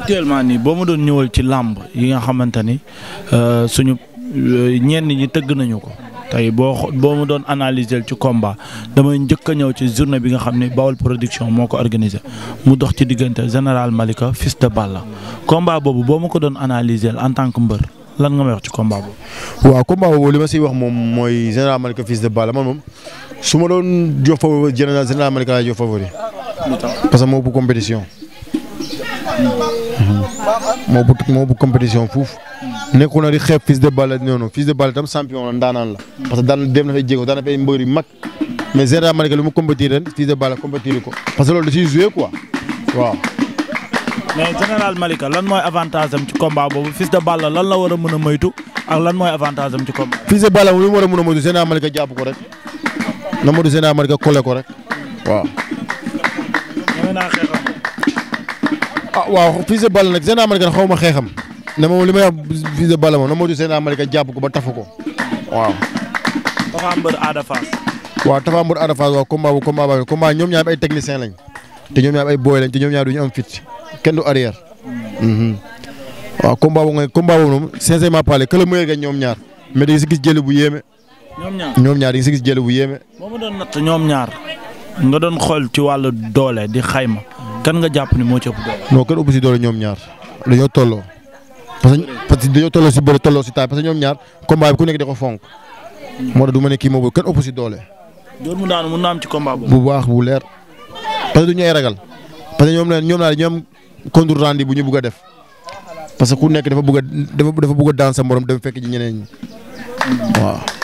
actuellement nii boo ma doon ñëwal ci làmb yi nga xamante ni euh, suñu euh, ñenn ñi tëgg nañu ko tey boo boo ma doon analyser ci combat damay njëkk a ñëw ci journée bi nga xam ne Bawol production moo ko organisé mu dox ci diggante général Malika fist de Balla combat boobu boo ma ko doon analyser en tant que mbër lan nga may wax ci combat boobu. waaw combat boobu li ma siy wax moom mooy général Malika fils de Balla man moom su ma doon jox favori général Malika laay jox favori parce que moo ëpp moo bu moo bu compétition fuuf. nekkul na di xeeb Fils de Balla noonu Fils de Balla itam champion la ndaanaan la. parce que daan dem na fay jéego daan na fay mbër yu mag. mais général Malika ko. parce que loolu da lan mooy avantage am ci combat boobu Fils de Balla lan la war a mën a moytu ak lan mooy avantage am ci combat. Fils de Balla lu mu war a mën a moytu général Malika jàpp ko rek. na mu du général Malika collé ko rek waaw. waaw Fils de Balla nag Général Malika xaw ma xeexam ne moom li ma wax Fils de Balla moom na moo di Général Malika jàpp ko ba tafu ko waaw. Tapha Mbeur Ada Fass. waaw Tapha Mbeur Ada Fass waaw combat bu combat ba combat ñoom ñaar ay technicien lañ te ñoom ñaar ay booy lañ te ñaar duñu am kenn du arrière. Mhm. waaw combat boobu nga combat boobu moom sincèrement parlé que le meilleur ñoom ñaar mais dañu si gis jëli bu yéeme. ñoom ñaar ñoom ñaar si gis jëli bu yéeme. moo ma doon natt ñoom ñaar nga doon xool ci wàllu doole di xayma kan nga jàpp ni moo ci ëpp doole. non kenn ëpp si ñoom ñaar dañoo tolloo parce dañoo tolloo si bëre tolloo si taay parce ñoom ñaar combat bi ku nekk da ko fonk. moo tax du ne kii moom kenn ëpp doole. bu baax bu leer parce que du ñu ay ragal ñoom la ñoom ñoom contre rendi bu ñu bëgg a def parce ku nekk dafa bëgg a dafa bëgg a daan fekk ji ñeneen ñi waaw.